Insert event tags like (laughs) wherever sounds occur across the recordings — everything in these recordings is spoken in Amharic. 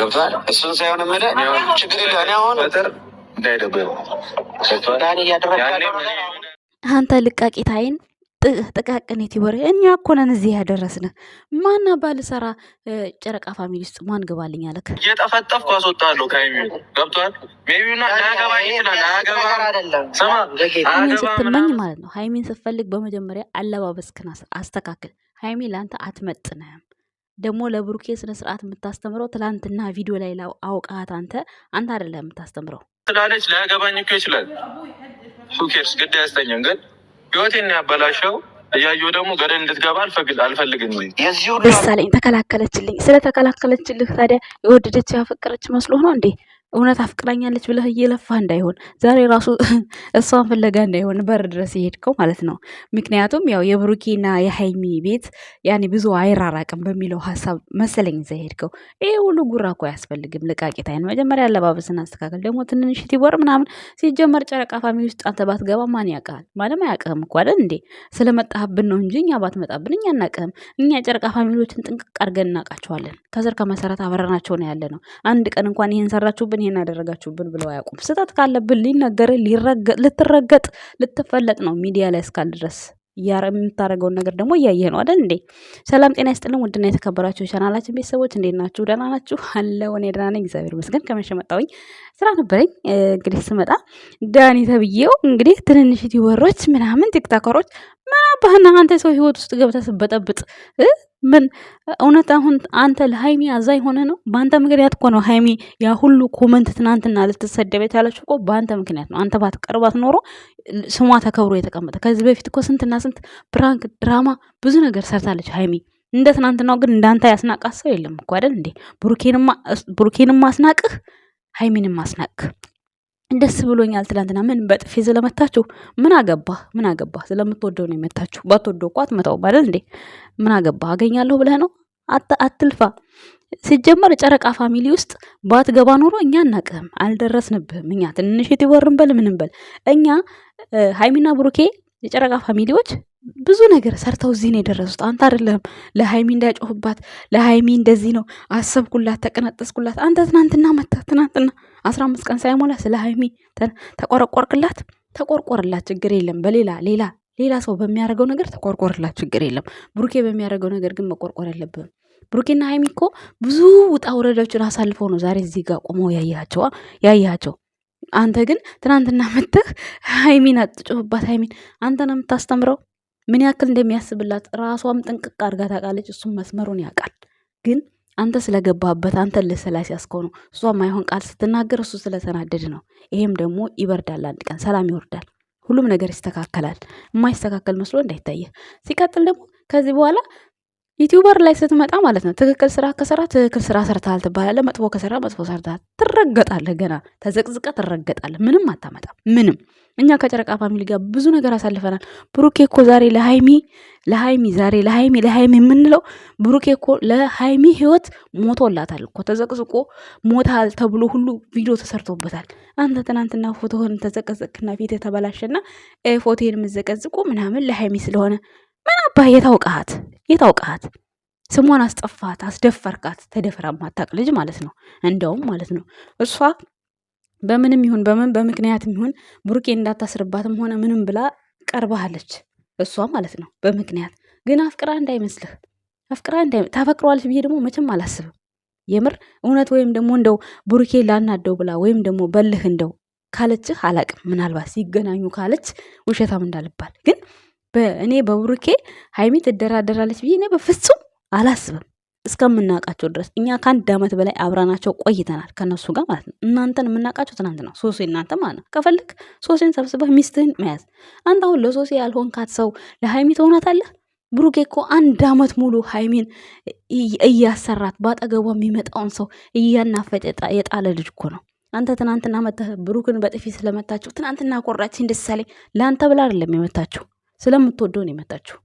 ገብቷል። እሱን ሳይሆን ምለ ችግር የለ እኔ አሁን አንተ ልቃቂት አይን ጥቃቅን ዩቲዩበር እኛ እኮ ነን እዚህ ያደረስን። ማና ባልሰራ ጨረቃ ፋሚሊ ውስጥ ማን ግባልኝ አለክ? እየጠፈጠፍኩ አስወጣለሁ። ከሚ ገብቷል። ቢና ገባ ይችላል። ስትመኝ ማለት ነው። ሀይሚን ስትፈልግ በመጀመሪያ አለባበስክን አስተካክል። ሀይሚ ለአንተ አትመጥንህም። ደግሞ ለብሩኬ ስነ ስርዓት የምታስተምረው ትላንትና ቪዲዮ ላይ አውቃት አንተ አንተ አደለ የምታስተምረው ስላለች ላያገባኝ እኮ ይችላል። ሱኬርስ ግድ አያስተኛም። ግን ህይወቴን ያበላሸው እያየሁ ደግሞ ገደል እንድትገባ አልፈልግም። ደሳለኝ ተከላከለችልኝ። ስለተከላከለችልህ ታዲያ የወደደች ያፈቀረች መስሎ ነው እንዴ? እውነት አፍቅራኛለች ብለህ እየለፋ እንዳይሆን ዛሬ ራሱ (laughs) እሷን ፍለጋ እንዳይሆን በር ድረስ የሄድከው ማለት ነው። ምክንያቱም ያው የብሩኬና የሀይሚ ቤት ያኔ ብዙ አይራራቅም በሚለው ሀሳብ መሰለኝ ዛ የሄድከው። ይሄ ሁሉ ጉራ እኮ አያስፈልግም። ልቃቂት አይን መጀመሪያ አለባበስን አስተካከል። ደግሞ ትንንሽ ቲቦር ምናምን ሲጀመር ጨረቃ ፋሚ ውስጥ አንተ ባትገባ ማን ያውቅሃል? ማንም አያውቅህም እኮ አይደል እንዴ? ስለመጣህብን ነው እንጂ እኛ ባትመጣብን እኛ አናውቅህም። እኛ ጨረቃ ፋሚሊዎችን ጥንቅቅ አድርገን እናውቃቸዋለን። ከስር ከመሰረት አበረናቸው ነው ያለ ነው። አንድ ቀን እንኳን ይህን ሰራችሁብን ግን ይሄን አደረጋችሁብን ብለው አያውቁም። ስህተት ካለብን ሊነገር ልትረገጥ ልትፈለጥ ነው ሚዲያ ላይ እስካል ድረስ የምታደርገውን ነገር ደግሞ እያየህ ነው አይደል እንዴ? ሰላም ጤና ይስጥልን። ውድና የተከበራችሁ ቻናላችን ቤተሰቦች እንዴት ናችሁ? ደህና ናችሁ? አለው እኔ ደህና ነኝ፣ እግዚአብሔር ይመስገን። ከመሸ መጣሁኝ፣ ስራ ነበረኝ። እንግዲህ ስመጣ ዳኒ ተብዬው እንግዲህ ትንንሽ ቲወሮች ምናምን ቲክታከሮች ምን አባህና አንተ ሰው ህይወት ውስጥ ገብተህ በጠብጥ ምን እውነት አሁን አንተ ለሀይሚ አዛኝ ሆነ ነው? በአንተ ምክንያት እኮ ነው ሀይሚ ያ ሁሉ ኮመንት ትናንትና ልትሰደብ የታለች እኮ በአንተ ምክንያት ነው። አንተ ባትቀርባት ኖሮ ስሟ ተከብሮ የተቀመጠ። ከዚህ በፊት እኮ ስንትና ስንት ፕራንክ ድራማ፣ ብዙ ነገር ሰርታለች ሀይሚ። እንደ ትናንትናው ግን እንዳንተ ያስናቃት ሰው የለም እኮ አይደል እንዴ? ብሩኬንማ አስናቅህ፣ ሀይሚንም አስናቅህ። ደስ ብሎኛል። ትላንትና ምን በጥፌ ስለመታችሁ ምን አገባ ምን አገባ? ስለምትወደው ነው የመታችሁ። ባትወደው እኮ አትመታውም ማለት እንዴ? ምን አገባ? አገኛለሁ ብለህ ነው አትልፋ። ሲጀመር ጨረቃ ፋሚሊ ውስጥ ባትገባ ኖሮ እኛ አናቅህም፣ አልደረስንብህም። እኛ ትንሽ የትወርን በል ምንም በል እኛ ሀይሚና ብሩኬ የጨረቃ ፋሚሊዎች ብዙ ነገር ሰርተው እዚህ ነው የደረሱት። አንተ አይደለም ለሀይሚ እንዳይጮህባት ለሀይሚ እንደዚህ ነው አሰብኩላት፣ ተቀነጠስኩላት። አንተ ትናንትና መታ ትናንትና አስራ አምስት ቀን ሳይሞላ ስለ ሀይሚ ተቆረቆርክላት፣ ተቆርቆርላት፣ ችግር የለም። በሌላ ሌላ ሌላ ሰው በሚያደርገው ነገር ተቆርቆርላት፣ ችግር የለም። ብሩኬ በሚያደርገው ነገር ግን መቆርቆር የለብህም። ብሩኬና ሀይሚ እኮ ብዙ ውጣ ውረዶችን አሳልፈው ነው ዛሬ እዚህ ጋር ቆመው ያያቸው ያያቸው። አንተ ግን ትናንትና መጥተህ ሀይሚን አትጮህባት። ሀይሚን አንተ ነው የምታስተምረው። ምን ያክል እንደሚያስብላት ራሷም ጥንቅቅ አድርጋ ታውቃለች። እሱም መስመሩን ያውቃል ግን አንተ ስለገባበት አንተ ልስላሴ ያስከው ነው። እሷ ማይሆን ቃል ስትናገር እሱ ስለተናደድ ነው። ይሄም ደግሞ ይበርዳል፣ አንድ ቀን ሰላም ይወርዳል፣ ሁሉም ነገር ይስተካከላል። የማይስተካከል መስሎ እንዳይታየ ሲቀጥል ደግሞ ከዚህ በኋላ ዩቲዩበር ላይ ስትመጣ ማለት ነው ትክክል ስራ ከሰራ ትክክል ስራ ሰርታል ትባላለ መጥፎ ከሰራ መጥፎ ሰርታል ትረገጣለህ። ገና ተዘቅዝቀ ትረገጣለህ። ምንም አታመጣም። ምንም እኛ ከጨረቃ ፋሚሊ ጋር ብዙ ነገር አሳልፈናል። ብሩኬ እኮ ዛሬ ለሃይሚ ለሃይሚ ዛሬ ለሃይሚ ለሃይሚ የምንለው ብሩኬ እኮ ለሃይሚ ህይወት ሞቶላታል እኮ ተዘቅዝቆ ሞታል ተብሎ ሁሉ ቪዲዮ ተሰርቶበታል። አንተ ትናንትና ፎቶህን ተዘቀዘቅና ፊት የተበላሸና ፎቶን የምዘቀዝቁ ምናምን ለሃይሚ ስለሆነ ምን አባህ የታውቃት የታውቃት ስሟን አስጠፋት፣ አስደፈርካት። ተደፍራ ማታቅ ልጅ ማለት ነው። እንደውም ማለት ነው እሷ በምንም ይሁን በምን በምክንያትም ይሁን ቡርቄ እንዳታስርባትም ሆነ ምንም ብላ ቀርባሃለች። እሷ ማለት ነው በምክንያት ግን አፍቅራ እንዳይመስልህ አፍቅራ እንዳይ ታፈቅረዋለች ብዬ ደግሞ መቼም አላስብም። የምር እውነት ወይም ደግሞ እንደው ቡርኬ ላናደው ብላ ወይም ደግሞ በልህ እንደው ካለችህ አላቅም። ምናልባት ሲገናኙ ካለች ውሸታም እንዳልባል ግን እኔ በብሩኬ ሀይሚ ትደራደራለች ብዬ እኔ በፍጹም አላስብም። እስከምናውቃቸው ድረስ እኛ ከአንድ ዓመት በላይ አብራናቸው ቆይተናል ከነሱ ጋር ማለት ነው። እናንተን የምናውቃቸው ትናንት ነው። ሶሴ እናንተ ማለት ነው። ከፈልግ ሶሴን ሰብስበህ ሚስትህን መያዝ። አንተ አሁን ለሶሴ ያልሆንካት ሰው ለሀይሚ ትሆናታለህ? ብሩኬ እኮ አንድ አመት ሙሉ ሀይሚን እያሰራት በአጠገቧ የሚመጣውን ሰው እያናፈጠ የጣለ ልጅ እኮ ነው። አንተ ትናንትና መተህ ብሩክን በጥፊ ስለመታችሁ ትናንትና ኮራች እንድሳሌ ለአንተ ብላ አይደለም የመታችሁ ስለምትወደው ነው የመጣችው።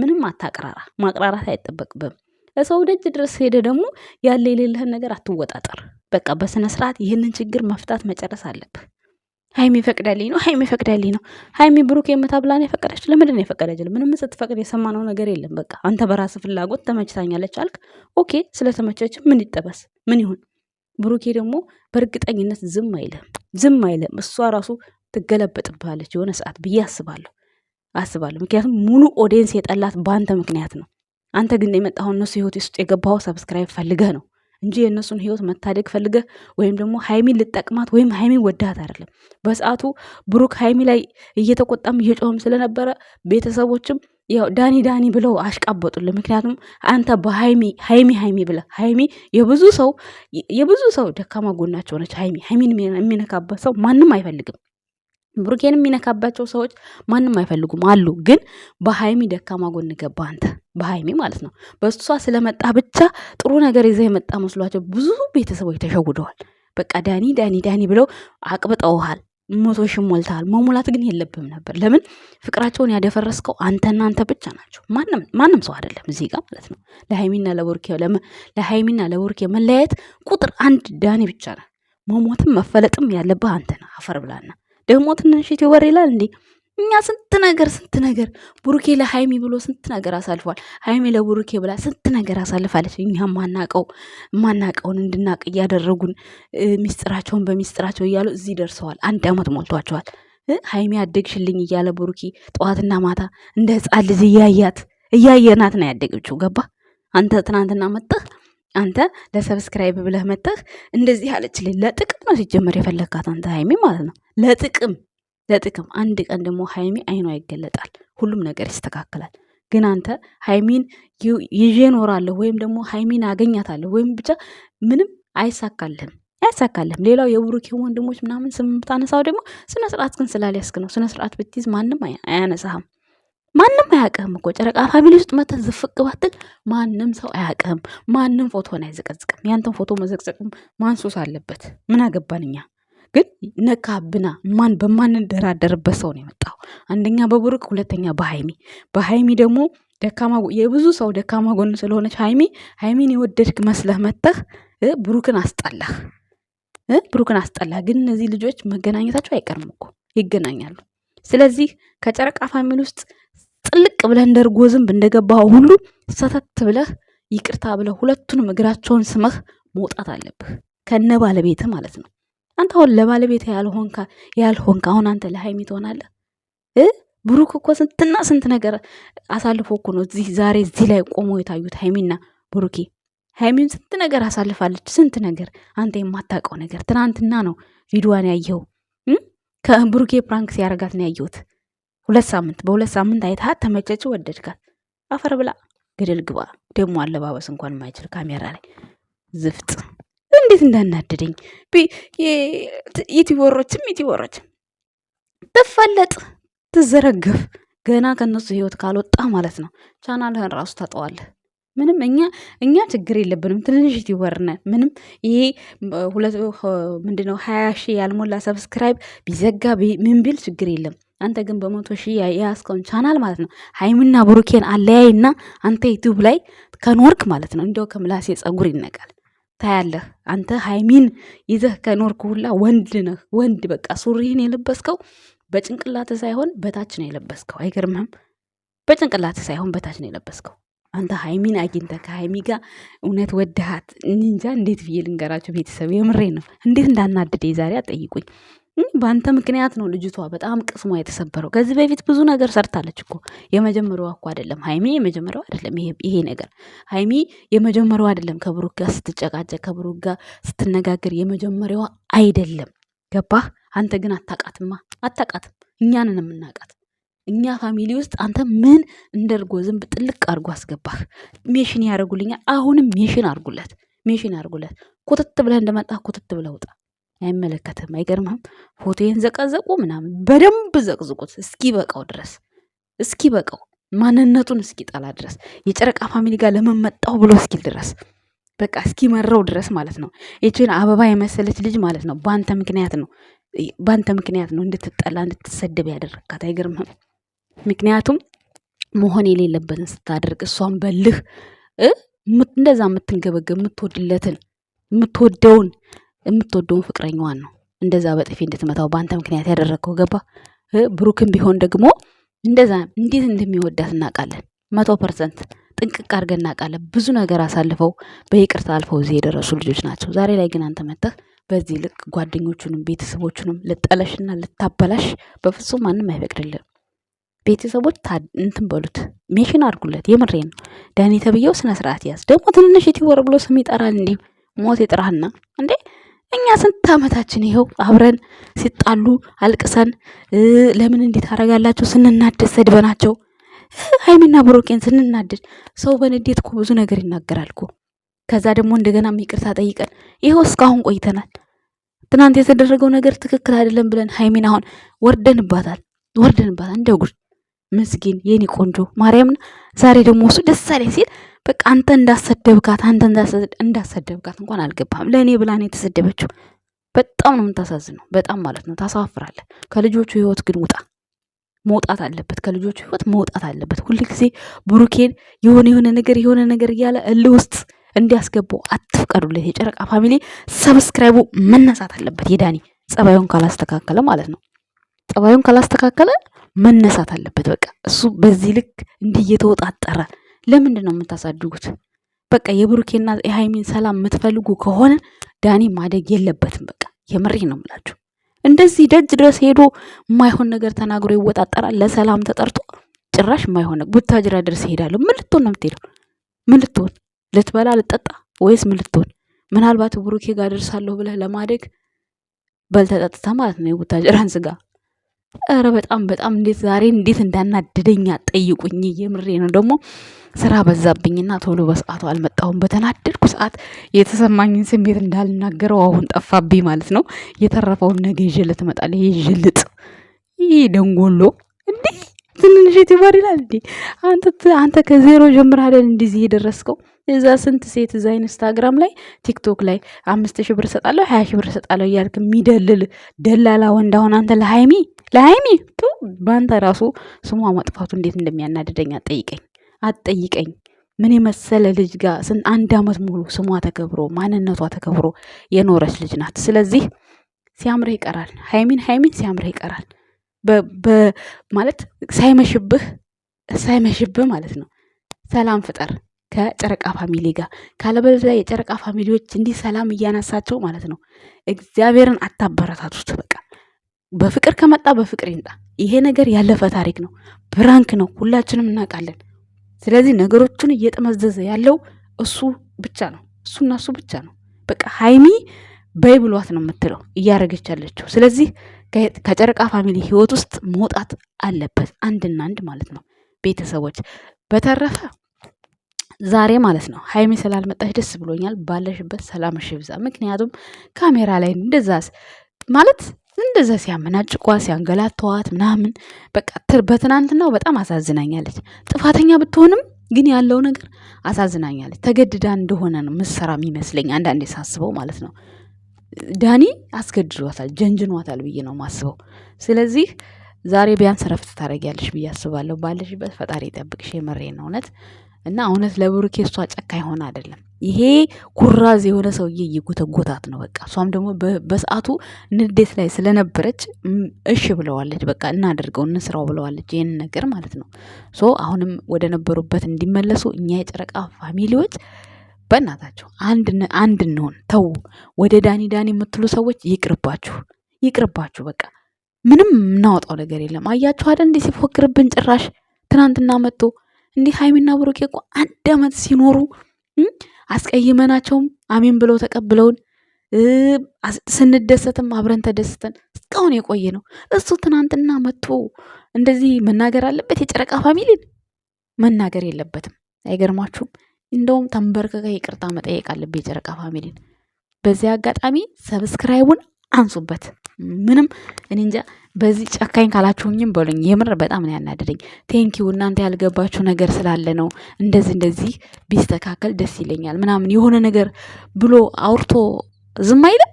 ምንም አታቅራራ፣ ማቅራራት አይጠበቅብም። ለሰው ደጅ ድረስ ሄደ ደግሞ ያለ የሌለህን ነገር አትወጣጠር። በቃ በስነ ስርዓት ይህንን ችግር መፍታት መጨረስ አለብህ። ሀይሚ ፈቅዳልኝ ነው ሀይሚ ፈቅዳልኝ ነው ሀይሚ ብሩክ የምታብላን የፈቀደች ለምንድን ነው የፈቀደችል? ምንም ስትፈቅድ የሰማነው ነገር የለም። በቃ አንተ በራስ ፍላጎት ተመችታኛለች አልክ። ኦኬ ስለተመቸች ምን ይጠበስ ምን ይሁን? ብሩኬ ደግሞ በእርግጠኝነት ዝም አይልም፣ ዝም አይልም። እሷ ራሱ ትገለበጥብሃለች የሆነ ሰዓት ብዬ አስባለሁ። አስባለሁ። ምክንያቱም ሙሉ ኦዲየንስ የጠላት በአንተ ምክንያት ነው። አንተ ግን የመጣኸው እነሱ ህይወት ውስጥ የገባው ሰብስክራይብ ፈልገህ ነው እንጂ የእነሱን ህይወት መታደግ ፈልገህ ወይም ደግሞ ሀይሚን ልጠቅማት ወይም ሀይሚን ወዳት አይደለም። በሰዓቱ ብሩክ ሀይሚ ላይ እየተቆጣም እየጮኸም ስለነበረ ቤተሰቦችም ያው ዳኒ ዳኒ ብለው አሽቃበጡልን። ምክንያቱም አንተ በሀይሚ ሀይሚ ሀይሚ ብለ ሀይሚ የብዙ ሰው የብዙ ሰው ደካማ ጎናቸው ነች። ሀይሚ ሀይሚን የሚነካበት ሰው ማንም አይፈልግም። ብሩኬን የሚነካባቸው ሰዎች ማንም አይፈልጉም አሉ። ግን በሀይሚ ደካማ ጎን ገባ አንተ በሀይሚ ማለት ነው። በሷ ስለመጣ ብቻ ጥሩ ነገር ይዘ የመጣ መስሏቸው ብዙ ቤተሰቦች ተሸውደዋል። በቃ ዳኒ ዳኒ ዳኒ ብለው አቅብጠውሃል። መቶ ሞልተል ሞልተሃል። መሙላት ግን የለብም ነበር። ለምን ፍቅራቸውን ያደፈረስከው አንተና አንተ ብቻ ናቸው። ማንም ሰው አይደለም እዚህ ጋር ማለት ነው። ለሀይሚና ለቡርኬ ለሀይሚና ለቡርኬ መለያየት ቁጥር አንድ ዳኒ ብቻ ነ መሞትም መፈለጥም ያለብህ አንተ አፈር ብላና ደግሞ ትንሽ ወር ይላል እንዴ? እኛ ስንት ነገር ስንት ነገር ቡሩኬ ለሀይሚ ብሎ ስንት ነገር አሳልፏል። ሀይሚ ለቡሩኬ ብላ ስንት ነገር አሳልፋለች። እኛ ማናቀው ማናቀውን እንድናቅ እያደረጉን ሚስጥራቸውን በሚስጥራቸው እያሉ እዚህ ደርሰዋል። አንድ አመት ሞልቷቸዋል። ሀይሚ አደግሽልኝ እያለ ቡሩኬ ጠዋትና ማታ እንደ ህፃን ልጅ እያያት እያየናት ነው ያደገችው። ገባ አንተ ትናንትና መጠህ አንተ ለሰብስክራይብ ብለህ መተህ እንደዚህ አለችልኝ። ለጥቅም ነው ሲጀመር የፈለግካት አንተ ሀይሚ ማለት ነው። ለጥቅም ለጥቅም። አንድ ቀን ደግሞ ሀይሚ አይኗ ይገለጣል፣ ሁሉም ነገር ይስተካከላል። ግን አንተ ሀይሚን ይዤ እኖራለሁ ወይም ደግሞ ሀይሚን አገኛታለሁ ወይም ብቻ ምንም አይሳካልህም አያሳካልህም። ሌላው የብሩኬ ወንድሞች ምናምን ስም ብታነሳው ደግሞ ስነስርዓት ግን ስላልያዝክ ነው። ስነስርዓት ብትይዝ ማንም አያነሳህም። ማንም አያውቅህም እኮ ጨረቃ ፋሚሊ ውስጥ መተን ዝፍቅ ባትል ማንም ሰው አያውቅህም። ማንም ፎቶን አይዘቀዝቅም። ያንተን ፎቶ መዘቅዘቅም ማንሱስ አለበት? ምን አገባን እኛ። ግን ብና ማን በማንደራደርበት ሰው ነው የመጣው። አንደኛ በቡሩክ ሁለተኛ በሀይሚ በሀይሚ ደግሞ ደካማ የብዙ ሰው ደካማ ጎን ስለሆነች ሃይሚ ሀይሚን የወደድክ መስለህ መተህ ብሩክን አስጠላህ፣ ብሩክን አስጠላህ። ግን እነዚህ ልጆች መገናኘታቸው አይቀርም እኮ ይገናኛሉ። ስለዚህ ከጨረቃ ፋሚል ውስጥ ጥልቅ ብለህ እንደ እርጎ ዝንብ እንደገባኸው ሁሉ ሰተት ብለህ ይቅርታ ብለህ ሁለቱንም እግራቸውን ስመህ መውጣት አለብህ፣ ከነ ባለቤትህ ማለት ነው። አንተ አሁን ለባለቤት ያልሆንካ ያልሆንካ አሁን አንተ ለሀይሚ ትሆናለህ። ብሩክ እኮ ስንትና ስንት ነገር አሳልፎ እኮ ነው እዚህ ዛሬ እዚህ ላይ ቆሞ የታዩት ሀይሚና ብሩኬ። ሀይሚን ስንት ነገር አሳልፋለች፣ ስንት ነገር አንተ የማታውቀው ነገር። ትናንትና ነው ቪዲዋን ያየው ከብሩኬ ፕራንክ ሲያረጋት ነው ያየሁት። ሁለት ሳምንት በሁለት ሳምንት አይታት ተመቸች፣ ወደድካት፣ አፈር ብላ ገደል ግባ። ደግሞ አለባበስ እንኳን የማይችል ካሜራ ላይ ዝፍጥ እንዴት እንዳናደደኝ ኢቲወሮችም ኢቲወሮችም ትፈለጥ ትዘረገፍ። ገና ከነሱ ህይወት ካልወጣ ማለት ነው ቻናልህን ራሱ ታጠዋለህ። ምንም እኛ እኛ ችግር የለብንም። ትንሽ ይወርነ ምንም ይሄ ሁለት ምንድነው ሀያ ሺህ ያልሞላ ሰብስክራይብ ቢዘጋ ምን ቢል ችግር የለም። አንተ ግን በመቶ ሺ የያዝከውን ቻናል ማለት ነው ሀይሚና ብሩኬን አለያይና አንተ ዩቱብ ላይ ከኖርክ ማለት ነው እንዲያው ከምላሴ ጸጉር ይነቃል። ታያለህ። አንተ ሀይሚን ይዘህ ከኖርክ ሁላ ወንድ ነህ። ወንድ በቃ ሱሪህን የለበስከው በጭንቅላት ሳይሆን በታች ነው የለበስከው። አይገርምህም? በጭንቅላት ሳይሆን በታች ነው የለበስከው። አንተ ሀይሚን አግኝተ ከሀይሚ ጋር እውነት ወደሃት እንጃ እንዴት ብዬ ልንገራቸው ቤተሰብ፣ የምሬ ነው። እንዴት እንዳናድደ ዛሬ አጠይቁኝ። በአንተ ምክንያት ነው ልጅቷ በጣም ቅስሟ የተሰበረው። ከዚህ በፊት ብዙ ነገር ሰርታለች እኮ የመጀመሪያዋ እኮ አይደለም ሀይሚ፣ የመጀመሪያው አይደለም ይሄ ነገር። ሀይሚ የመጀመሪያው አይደለም ከብሩክ ጋር ስትጨቃጨቅ፣ ከብሩክ ጋር ስትነጋገር የመጀመሪያዋ አይደለም። ገባህ? አንተ ግን አታቃትማ፣ አታቃትም። ነው የምናቃት እኛ ፋሚሊ ውስጥ አንተ ምን እንደርጎ ዝንብ ጥልቅ አድርጎ አስገባህ። ሜሽን ያደርጉልኛል። አሁንም ሜሽን አድርጉለት፣ ሜሽን አድርጉለት። ኮትት ብለህ እንደመጣ ኮትት ብለህ ውጣ። አይመለከትም። አይገርምህም? ፎቶዬን ዘቀዘቁ ምናምን በደንብ ዘቅዝቁት በቃው ድረስ በቃው ማንነቱን እስኪ ጠላ ድረስ የጨረቃ ፋሚሊ ጋር ለመመጣው ብሎ እስኪል ድረስ በቃ እስኪመረው ድረስ ማለት ነው። ይችን አበባ የመሰለች ልጅ ማለት ነው በአንተ ምክንያት ነው በአንተ ምክንያት ነው እንድትጠላ እንድትሰደብ ያደረግካት። አይገርምም? ምክንያቱም መሆን የሌለበትን ስታደርግ እሷን በልህ እንደዛ የምትንገበገብ የምትወድለትን የምትወደውን የምትወደውን ፍቅረኛዋን ነው እንደዛ በጥፊ እንድትመታው በአንተ ምክንያት ያደረግከው ገባ። ብሩክም ቢሆን ደግሞ እንደዛ እንዴት እንደሚወዳት እናውቃለን። መቶ ፐርሰንት ጥንቅቅ አድርገን እናውቃለን። ብዙ ነገር አሳልፈው በይቅርታ አልፈው እዚህ የደረሱ ልጆች ናቸው። ዛሬ ላይ ግን አንተ መጥተህ በዚህ ልቅ ጓደኞቹንም ቤተሰቦቹንም ልጠለሽና ልታበላሽ በፍጹም ማንም አይፈቅድልም። ቤተሰቦች እንትን በሉት ሜሽን አድርጉለት። የምሬ ነው። ዳኒ ተብዬው ስነ ስርዓት ያዝ። ደግሞ ትንንሽ የትወር ብሎ ስም ይጠራል። እንዲህ ሞት ይጥራህና እንዴ እኛ ስንት ዓመታችን ይኸው አብረን ሲጣሉ አልቅሰን ለምን እንዴት አደርጋላችሁ ስንናደድ ሰድበናቸው ሀይሚና ብሩኬን ስንናደድ ሰው በንዴት እኮ ብዙ ነገር ይናገራል እኮ። ከዛ ደግሞ እንደገናም ይቅርታ ጠይቀን ይኸው እስካሁን ቆይተናል። ትናንት የተደረገው ነገር ትክክል አይደለም ብለን ሀይሚን አሁን ወርደንባታል፣ ወርደንባታል እንደ ጉድ ምስኪን የኔ ቆንጆ ማርያምን ዛሬ ደግሞ እሱ ደስ አለኝ ሲል በቃ አንተ እንዳሰደብካት አንተ እንዳሰደብካት እንኳን አልገባም ለእኔ ብላ ነው የተሰደበችው። በጣም ነው የምታሳዝነው። በጣም ማለት ነው ታሳፍራለህ። ከልጆቹ ህይወት ግን ውጣ መውጣት አለበት። ከልጆቹ ህይወት መውጣት አለበት። ጊዜ ብሩኬን የሆነ የሆነ ነገር የሆነ ነገር እያለ እልህ ውስጥ እንዲያስገባው አትፍቀዱለት። የጨረቃ ፋሚሊ ሰብስክራይቡ መነሳት አለበት። የዳኒ ጸባዩን ካላስተካከለ ማለት ነው ጸባዩን ካላስተካከለ መነሳት አለበት። በቃ እሱ በዚህ ልክ እንዲህ እየተወጣጠረ ለምንድን ነው የምታሳድጉት? በቃ የብሩኬና የሃይሚን ሰላም የምትፈልጉ ከሆነ ዳኒ ማደግ የለበትም። በቃ የምሬ ነው የምላችሁ። እንደዚህ ደጅ ድረስ ሄዶ የማይሆን ነገር ተናግሮ ይወጣጠራል። ለሰላም ተጠርቶ ጭራሽ የማይሆን ቡታጅራ ድረስ ይሄዳለሁ። ምን ልትሆን ነው የምትሄደው? ምን ልትሆን ልትበላ ልጠጣ ወይስ ምን ልትሆን? ምናልባት ብሩኬ ጋር ደርሳለሁ ብለህ ለማደግ በልተጠጥተ ማለት ነው የቡታጅራን ስጋ ኧረ በጣም በጣም እንዴት ዛሬ እንዴት እንዳናደደኝ ጠይቁኝ። የምሬ ነው። ደግሞ ስራ በዛብኝና ቶሎ በሰዓቱ አልመጣሁም። በተናደድኩ ሰዓት የተሰማኝን ስሜት እንዳልናገረው አሁን ጠፋብኝ ማለት ነው። የተረፈውን ነገ ይዤ ትመጣለህ። ይሄ ዥልጥ፣ ይሄ ደንጎሎ እንዲህ ትንንሽ ይባል ይላል እንዴ! አንተ ከዜሮ ጀምር አይደል እንደዚህ የደረስከው? የዛ ስንት ሴት እዛ ኢንስታግራም ላይ ቲክቶክ ላይ አምስት ሺ ብር እሰጣለሁ ሀያ ሺ ብር እሰጣለሁ እያልክ የሚደልል ደላላ ወንድ አሁን አንተ ለሀይሚ ለሀይሚ ቱ በአንተ ራሱ ስሟ መጥፋቱ እንዴት እንደሚያናድደኝ አጠይቀኝ አጠይቀኝ ምን የመሰለ ልጅ ጋር አንድ አመት ሙሉ ስሟ ተከብሮ ማንነቷ ተከብሮ የኖረች ልጅ ናት። ስለዚህ ሲያምርህ ይቀራል። ሀይሚን ሀይሚን ሲያምርህ ይቀራል። ማለት ሳይመሽብህ ሳይመሽብህ ማለት ነው። ሰላም ፍጠር። ከጨረቃ ፋሚሊ ጋር ካለበለዚያ የጨረቃ ፋሚሊዎች እንዲህ ሰላም እያነሳቸው ማለት ነው። እግዚአብሔርን አታበረታቱት። በቃ በፍቅር ከመጣ በፍቅር ይምጣ። ይሄ ነገር ያለፈ ታሪክ ነው፣ ብራንክ ነው፣ ሁላችንም እናውቃለን። ስለዚህ ነገሮቹን እየጠመዘዘ ያለው እሱ ብቻ ነው፣ እሱና እሱ ብቻ ነው። በቃ ሀይሚ በይ ብሏት ነው የምትለው እያደረገች ያለችው። ስለዚህ ከጨረቃ ፋሚሊ ህይወት ውስጥ መውጣት አለበት አንድና አንድ ማለት ነው ቤተሰቦች በተረፈ ዛሬ ማለት ነው ሀይሚ ስላልመጣሽ ደስ ብሎኛል። ባለሽበት ሰላምሽ ይብዛ። ምክንያቱም ካሜራ ላይ እንደዛ ማለት እንደዛ ሲያመናጭቋ ሲያንገላተዋት ምናምን በቃ በትናንትናው በጣም አሳዝናኛለች። ጥፋተኛ ብትሆንም ግን ያለው ነገር አሳዝናኛለች። ተገድዳ እንደሆነ ነው ምሰራ የሚመስለኝ አንዳንዴ ሳስበው ማለት ነው። ዳኒ አስገድዷታል፣ ጀንጅኗታል ብዬ ነው ማስበው። ስለዚህ ዛሬ ቢያንስ ረፍት ታደርጊያለሽ ብዬ አስባለሁ። ባለሽበት ፈጣሪ ይጠብቅሽ። የመሬን እውነት እና እውነት ለብሩኬ እሷ ጨካኝ ሆና አይደለም። ይሄ ኩራዝ የሆነ ሰውዬ እየጎተጎታት ነው። በቃ እሷም ደግሞ በሰዓቱ ንዴት ላይ ስለነበረች እሽ ብለዋለች። በቃ እናደርገው እንስራው ብለዋለች። ይህን ነገር ማለት ነው። ሶ አሁንም ወደ ነበሩበት እንዲመለሱ እኛ የጨረቃ ፋሚሊዎች በእናታቸው አንድ እንሆን። ተዉ። ወደ ዳኒ ዳኒ የምትሉ ሰዎች ይቅርባችሁ፣ ይቅርባችሁ። በቃ ምንም እናወጣው ነገር የለም። አያችሁ አይደል? እንዲህ ሲፎክርብን ጭራሽ ትናንትና መጥቶ እንዲህ ሀይሚና ብሩኬ እኮ አንድ አመት ሲኖሩ አስቀይመናቸውም አሜን ብለው ተቀብለውን ስንደሰትም አብረን ተደስተን እስካሁን የቆየ ነው። እሱ ትናንትና መጥቶ እንደዚህ መናገር አለበት? የጨረቃ ፋሚሊን መናገር የለበትም። አይገርማችሁም? እንደውም ተንበርከከ ይቅርታ መጠየቅ አለብህ የጨረቃ ፋሚሊን። በዚያ አጋጣሚ ሰብስክራይቡን አንሱበት። ምንም እኔ እንጃ። በዚህ ጨካኝ ካላችሁኝም በሉኝ። የምር በጣም ነው ያናደደኝ። ቴንኪው እናንተ ያልገባችሁ ነገር ስላለ ነው። እንደዚህ እንደዚህ ቢስተካከል ደስ ይለኛል ምናምን የሆነ ነገር ብሎ አውርቶ ዝም አይልም።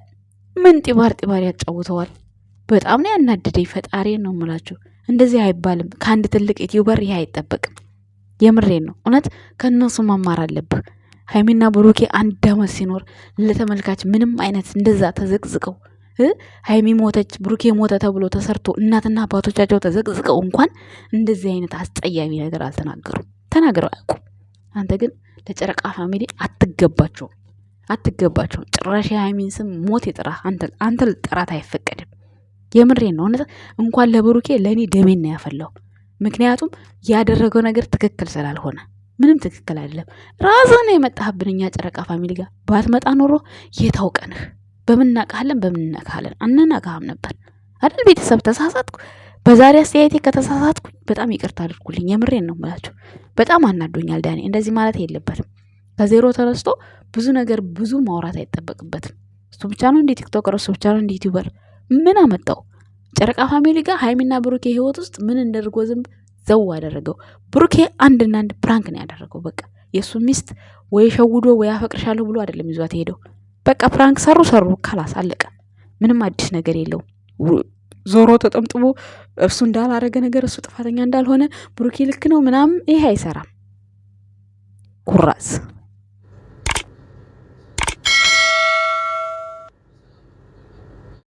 ምን ጢባር ጢባር ያጫውተዋል። በጣም ነው ያናደደኝ። ፈጣሪ ነው የምላችሁ። እንደዚህ አይባልም። ከአንድ ትልቅ ዩቲዩበር ይህ አይጠበቅም። የምሬን ነው። እውነት ከእነሱ መማር አለብህ። ሀይሚና ብሩኬ አንድ አመት ሲኖር ለተመልካች ምንም አይነት እንደዛ ተዘቅዝቀው ሀይሚ ሞተች፣ ብሩኬ ሞተ ተብሎ ተሰርቶ እናትና አባቶቻቸው ተዘቅዝቀው እንኳን እንደዚህ አይነት አስጸያሚ ነገር አልተናገሩም፣ ተናግረው አያውቁም። አንተ ግን ለጨረቃ ፋሚሊ አትገባቸውም፣ አትገባቸውም። ጭራሽ የሀይሚን ስም ሞት የጥራ አንተ ልጠራት አይፈቀድም። የምሬን ነው። እንኳን ለብሩኬ ለእኔ ደሜን ነው ያፈላው። ምክንያቱም ያደረገው ነገር ትክክል ስላልሆነ ምንም ትክክል አይደለም። ራስህ ነው የመጣህብን። እኛ ጨረቃ ፋሚሊ ጋር ባትመጣ ኖሮ የታውቀንህ በምናቃለን በምንነካለን አናናቃም ነበር አይደል? ቤተሰብ ተሳሳትኩ። በዛሬ አስተያየቴ ከተሳሳትኩ በጣም ይቅርታ አድርጉልኝ። የምሬን ነው ምላችሁ በጣም አናዶኛል ዳኔ እንደዚህ ማለት የለበትም። ከዜሮ ተነስቶ ብዙ ነገር ብዙ ማውራት አይጠበቅበትም። እሱ ብቻ ነው እንደ ቲክቶከር፣ እሱ ብቻ ነው እንዲ ዩቲዩበር። ምን አመጣው? ጨረቃ ፋሚሊ ጋር ሃይሚና ብሩኬ ህይወት ውስጥ ምን እንደርጎ ዝም ዘው አደረገው። ብሩኬ አንድና አንድ ፕራንክ ነው ያደረገው። በቃ የእሱ ሚስት ወይ ሸውዶ ወይ አፈቅርሻለሁ ብሎ አይደለም ይዟት ሄደው በቃ ፕራንክ ሰሩ ሰሩ ካላስ አለቀ። ምንም አዲስ ነገር የለውም። ዞሮ ተጠምጥቦ እሱ እንዳላረገ ነገር እሱ ጥፋተኛ እንዳልሆነ ብሩኬ ልክ ነው ምናምን፣ ይሄ አይሰራም ኩራዝ